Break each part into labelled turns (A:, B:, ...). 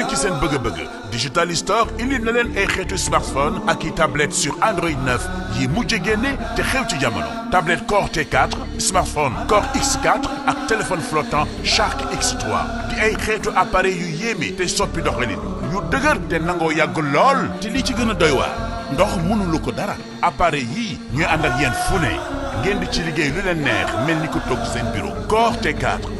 A: wéer ci seen bëgg-bëgg digital store indil na leen ay xeetu smartphone ak i tablette sur Android 9 yi mujj génne te xew ci jamono tablette Core T4 smartphone Core X4 ak téléphone flottant Shark X3 di ay xeetu appareil yu yéeme te soppi doxalin yu dëgër te nangoo yàgg lool te li ci gën a doy waar ndox mënulu ko dara appareil yii ñuy ànd ak yéen fu ne ngeen di ci liggéey lu leen neex mel ni ko toog seen bureau Core T4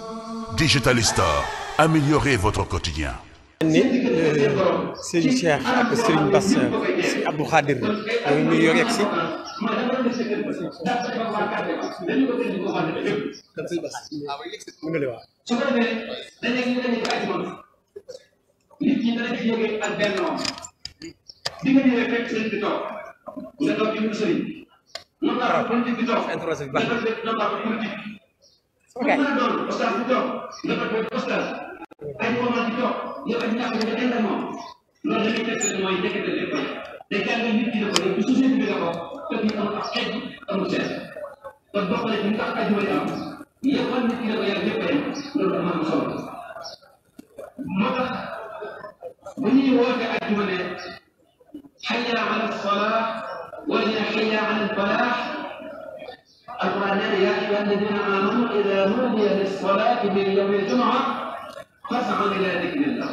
A: Digital Store, améliorez votre quotidien.
B: ni euh, sëñ Cheikh ak sëñ Bass euh, si Abdou Khadir ñooñu ñu yor yegg si
C: nit ñi dana ci jóge ak benn ok oustaz bu toog nga toog oustaz ay moment di toog nga bañ ñàkk nga ànd ak moom loolu li muy tegtal mooy nekkate lépp day jàngal nit ki ne ko rek bu société bi la ko fekk ñu am ak xeet amul seet kon bokk na ci ñu tax ajuma di am yéewal nit ki ne ko yàlla lépp rek loolu am am solo moo tax bu ñuy woote ajuma ne xayya ala salaa wala xayya ala falaax القرآن يا أيها الذين آمنوا إذا نودي للصلاة من يوم الجمعة فاسعوا إلى ذكر الله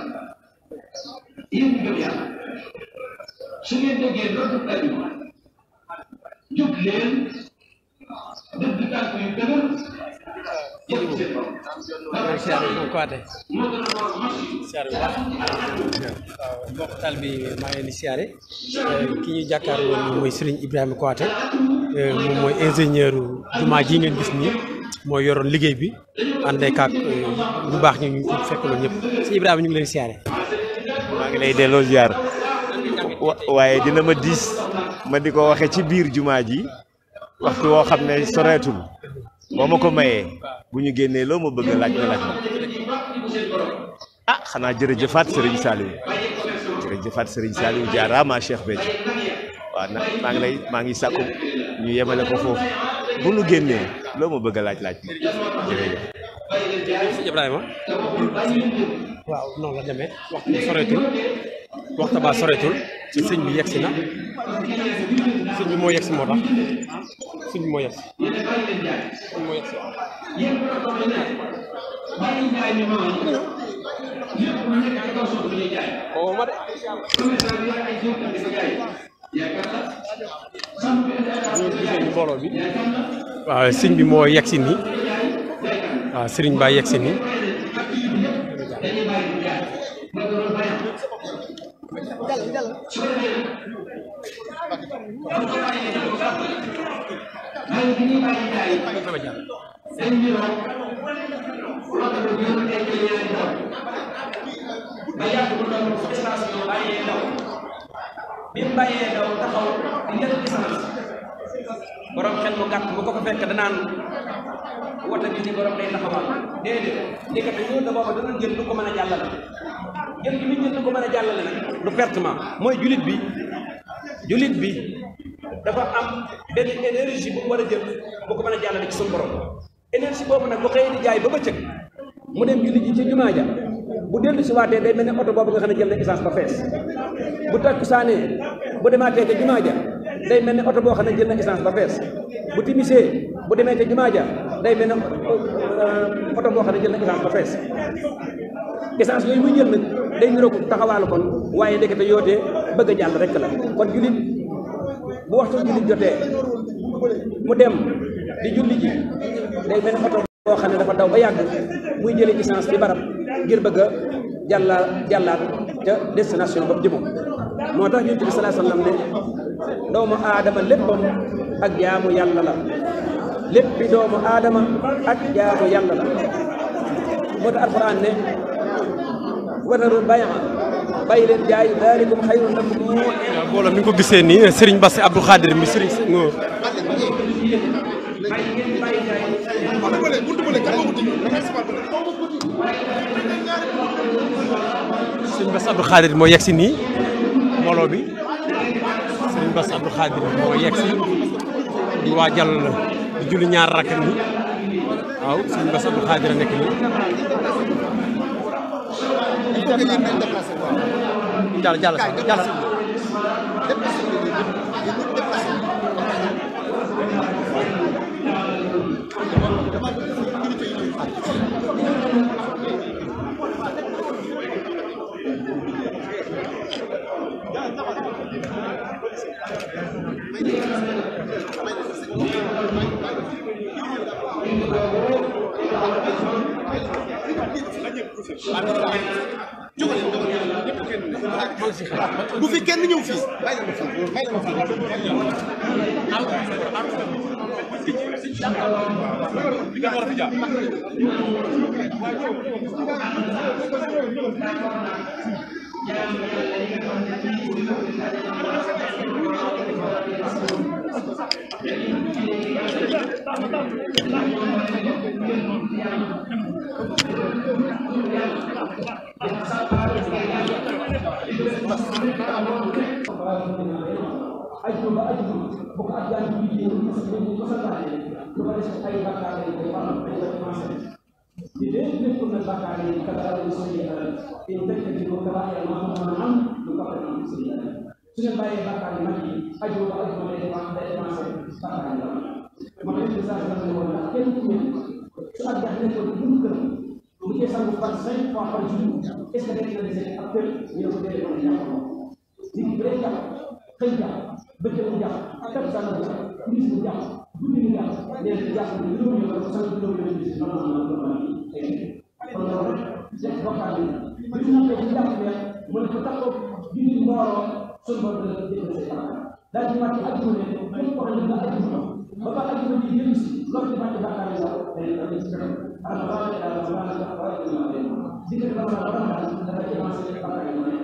C: yéen jóg yàlla su ngeen déggee dootul ajuma jóg leen def di tànk
B: yu dëgër jëli maa ngi leen di siyaare ki ñu jàkkaarloo mooy Serigne Ibrahima Kouaté moom mooy ingénieur jumaa ji ngeen gis nii moo yoroon liggéey bi àndee kaak bu baax ñu ñu fekk loolu ñëpp si Ibrahima ñu ngi leen siyaare waaye dina ma diis ma di ko waxee ci biir jumaa ji waxtu woo xam ne soreetul boo ma ko mayee bu ñu génnee loo ma bëgg laaj ma laaj ma ah xanaa jërëjëfaat sëriñ Saliou jërëjëfaat sëriñ Saliou jaaraama Cheikh Béthio waaw nag maa ngi lay maa ngi sàkku ñu yemale ko foofu bu nu génnee loo ma bëgg laaj laaj ma jërëjëf. sëñ Ibrahima waaw noonu la demee waxtu bi soreetul waxtu baa soreetul sëñ bi yegg si na. sëñ bi moo yegg si moo tax sëñ bi moo yegg bi moo yegg si waaw ma bi sëñ bi moo yegg si nii waaw baa yegg si
D: mooy bi ñuy bàyyi jaay seen bureau loolu la ñu mën a teg yeneen tool
A: ba yàgg bu doon station bàyyee daw bi mu bàyyee daw taxaw
C: ñett distance borom xel mu gàtt bu ko ko fekk danaan wata bi ni borom day taxawal déedéet ndekete ñëw na booba dana jël lu ko mën a jàllale jël lu jël lu ko mën a jàllale nag du pertement mooy julit bi julit bi dafa am benn énergie bu mu war a jël bu ko mën a jàllale ci suñu borom boobu nag bu xëyee di jaay ba bëccëg mu dem julli ji ci jumaa ja bu dellu si waatee day mel ne oto boobu nga xam na essence boo xam ne jël na essence ba fees bu timisee bu demee ca jumaa ja day mel ne euh, oto boo xam ne jël na essence ba fees essence yooyu muy jël nag day niroo ko taxawaalu kon waaye ndekete yootee ba a jàll rek la kon jullit bu waxtu julli jotee mu dem di julli day mel ne boo xam ne dafa daw ba yàgg muy jëli essence bi barab ngir bëgg a jàlla jàllaat ca destination ba jëmoom
A: moo tax yonent bi salaa sallam ne
C: doomu aadama léppam ak jaamu yàlla la léppi doomu aadama ak jaamu yàlla la moo tax alquran ne wadarul bay'a bàyyi leen jaay daalikum xayrun lakum booloo mi nga ko
B: gisee nii Serigne Bass Abdou Khadir mi Serigne. Serigne Bass Abdou Khadir moo yegg si nii mbooloo bi Serigne Bass Abdou Khadir moo yegg si di waajal julli ñaar rakk nii waaw Serigne Bass Abdou a nekk nii. lépp
C: bu fi kenn ñëw fii bàyyi ma fii bàyyi
B: ma
C: fii ajju ba ajju bu ko ak yàlla bi yéen parce que dañu mos a laajee lu ko def ay bakkaar yi day faral di def commencé di leen nekkul ne bakkaar yi kala la ñu soxla yàlla te nekk di ko kala yàlla maa ko mën a am lu ko mën a am si yàlla su ne bàyyee bakkaar yi nag yi ajju ba ajju day wax day commencé bakkaar yi la ma leen di saa si la ñu woon ndax kenn ku ne su ak yàlla nekkul bu mu gën il descend de 25 fois par jour est-ce que dañu la dese actuel ñu ne ko déedéet mën na jàppaloo nit ñi day jàpp xëy jàpp bëccëg jàpp teg sa la jàpp guddi mu jàpp guddi mu jàpp nee na jàpp ne lu mu yor sa lu mu yor gis man la ko mën a tey kon loolu def bokkaat bi bi ñu nattee ci jàpp ne mu ne ko taxaw julli mbooloo suñu borom dana dégg sa jàpp daal di wàcc àdduna ne ñu ko xam ne dina àdduna ba ba àdduna bi yëngu si loolu di wàcc bàkkaar yi la day am ci kanam zikr bala bala nga xam dafa ci avancé rek bala nga mën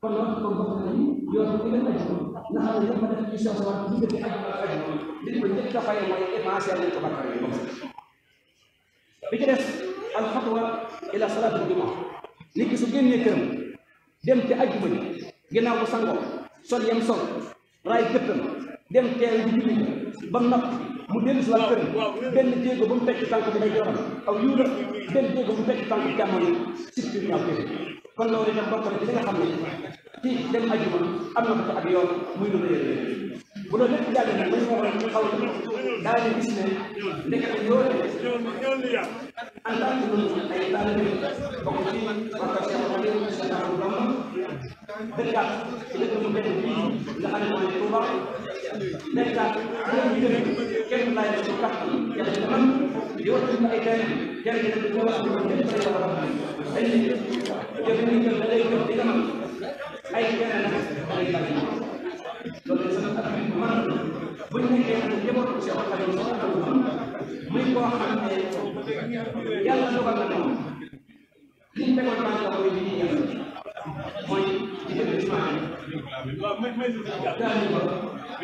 C: kon loolu kon bokk na ni yoon bi nga xam sa war diggante ak bala nga xam li ko njëkk a bi ci des al ila salatul juma nit ki su génnee dem te ajjuma ji ginnaaw bu sol yem sol raay gëttam dem teel di julli ba mu dellu si waat kër benn jéego ba mu teg ci tànk bi muy joram aw yiw la benn jéego bu mu teg ci tànk bi jàmmono surtout ñaaw kese kon loolu itam bokk na ci li nga xam ne ci dem ajuma am na ko ak yoon muy lu réer bu doon lépp jàll nag dañu war a ñu xaw daañu gis ne ndekete yoo leen en tant que ñun ay taalibe bokk ci wàllu séeréer seen àll ba mu dëkkaat ci dëkk bu benn bii nga xam ne mooy Touba nekkaat ñoom ñu def kenn laay def tax yàlla na man yoo xam ne ay tey jërëjëf ñu wax ñu ne dañu war a dañu jëf ñu jëf da lay jëf di nga man ay kenn nag da lay loolu sama taxaw bi man la bu ñu nekkee nag njabootu si waxtaan yi soxla ko muy koo xam ne yàlla dogal na moom li ñu tegoon maa ngi koy lii yàlla mooy di dem ci maa ngi daal di ko daal di ko ok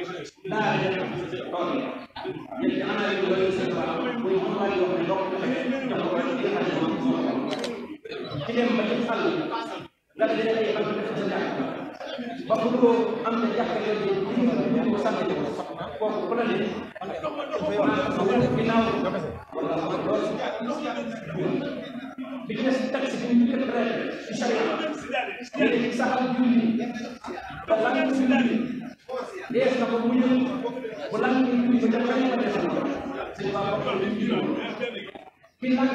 C: léegi
D: am naa leen loolu seen baax bu ñu xamal yoo xam ne bokk na dafa war a jël
C: xaj moom ci dem ba ci xàll nga dina ay am dafa ci jàng ba bu ko am na jàppale bi ñu ko sànni ko kooku ku la leen man dafay wax ginnaaw wala man loolu bi des taxi bi ñu ko traité ci charia léegi saxal julli ba lan si lan dees na ko mu ñëw bu lan ko julli ba jàppale ko des
A: na ko c'est pas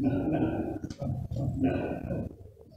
C: No, no, no.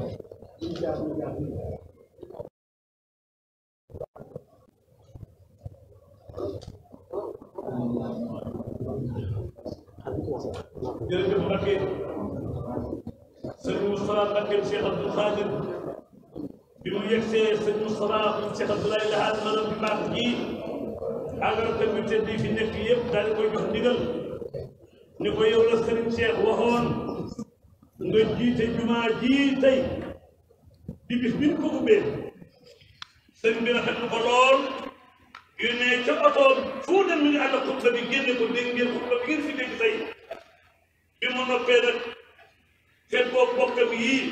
D: jërëjëf Mbacke sëñ Moustapha Mbacke Cheikh Abdou Khadir bi mu yegsee sëñ Moustapha Cheikh Abdoulaye Lahad maanaam bi baax gi agarte bi tedd yi fi nekk yëpp daal di koy jox ndigal ni ko yow la sëriñ Cheikh waxoon nga jiite jumaa jii tey di bis bi ñu ko ubbee sëñ bi rafet na ko lool yónnee ca otoom fuu dem mi ngi ànd ak xutba bi génne ko dégg ngeen xutba bi ngeen fi dégg tey bi mu noppee nag fekk koo bokkam yii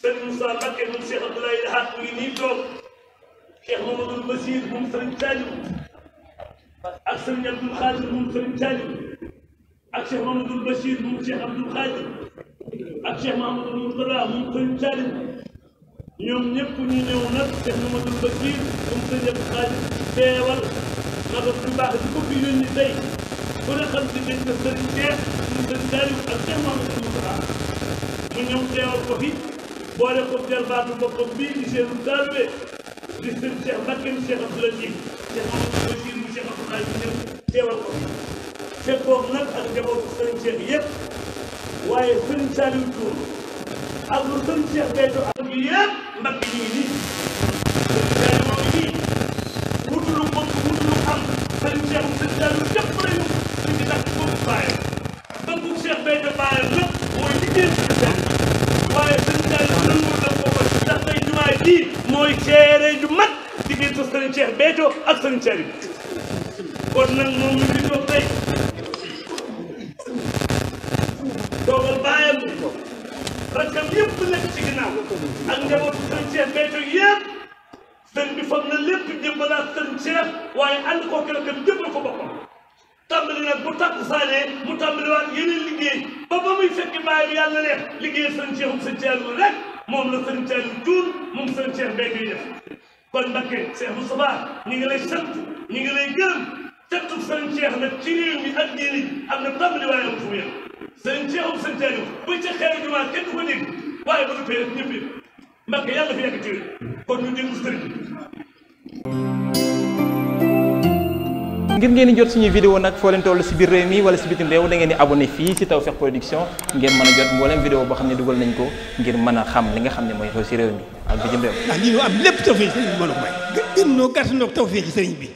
D: sëñ Moussa Mbacké moom Cheikh Abdoulaye Lahat mu ngi nii toog Cheikh Mamadou Basir moom sëriñ Taliou ak sëriñ Abdoul Khadir moom sëriñ Taliou ak Cheikh Mamadou Bachir moom Cheikh Abdoul Khadir ak Cheikh Mamadou Mourtada moom Xalim Salim ñoom ñëpp ñu ñëw nag Cheikh Mamadou Bachir moom Sëñ Abdoul Khadir teewal magam bu baax di ko fi yónni tey ku ne xam si gëj na Sëriñ Cheikh suñu Sëriñ Salim ak Cheikh Mamadou Mourtada mu ñëw teewal ko fi boole ko jarbaatu boppam bii di seenu taalibe di sëñ Cheikh Mbacke Cheikh Abdoul Aziz Cheikh Mamadou Bachir mu Cheikh Abdoul Khadir ñëw teewal ko fi fekkoon nag ak njabootu sëriñ Cheikh yëpp waaye sëriñ Saliou Thioune ak lu sëriñ Cheikh ak ñu yëpp mbag yi ñu ngi nii sëriñ moom nii wutulu mbokk wutulu am sëriñ Cheikh sëriñ Saliou yëpp lañu ñu ngi bàyyi bëggu Cheikh Béthio bàyyi la mooy liggéey sëriñ Saliou waaye sëriñ Saliou nangu la ko ko ndax tey jumaa mooy seere ju mag diggante sëriñ Cheikh Béthio ak sëriñ Saliou kon nag moom ñu ngi toog tey ak njabootu sëñ Cheikh Béthio yëpp sëñ bi foog na lépp jëmbalaat sëñ Cheikh waaye ànd ko keneen jëmbal ko boppam tàmbali nag bu tàkk saanee mu tàmbaliwaat yeneen liggéey ba ba muy fekk bàyyi yàlla ne liggéey sëñ Cheikh um sëñ Cheikh rek moom la sëñ Cheikh Diour moom sëñ Cheikh Béthio kon Mbacké Cheikh Moustapha ñu ngi lay sant ñu ngi lay gërëm tettub sëñ Cheikh ci réew mi ak diini am na tàmbaliwaayam fu mu yem sëñ Cheikh um sëñ Cheikh ba ca xeeru jumaa kenn waaye ba nga fee def ñëpp mbàkk
C: ngir ngeen jot suñu vidéo nag foo leen toll si biir réew mi wala si bitim réew da ngeen di abonné fii si Tawfekh Production ngeen mën a jot mboolem vidéo boo xam ne dugal nañ ko ngir mën a xam li nga xam ne mooy xew si réew mi ak am lépp Tawfekh sëriñ bi mën a may. gën noo gàtt noo Tawfekh sëriñ bi.